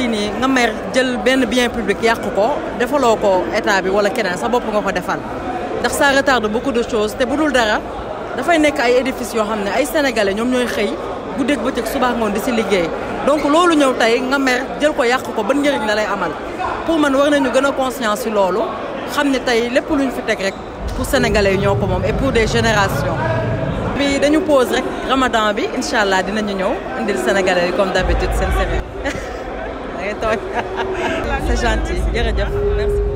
jii nii nga mer jël benn bien public yàqu ko defaloo ko état bi wala keneen sa bopp nga ko defal ndax ça retarde beaucoup de choses te bu dul dara dafay nekk ay édifices yoo xam ne ay sénégalais ñoom ñooy xëy guddeeg bëccëg subaa ngoon di si liggéey donc loolu ñëw tey nga mer jël ko yàq ko ban njëriñ la lay amal pour man war nañu gën a conscience si loolu xam ne tey lépp lu ñu fi teg rek pour sénégalais yi ñoo ko moom et pour des générations. bi dañu pause rek ramadan bi incha allah dinañu ñëw indil sénégalais yi comme d'habitude tooñ c'est gentil jërëjëf merci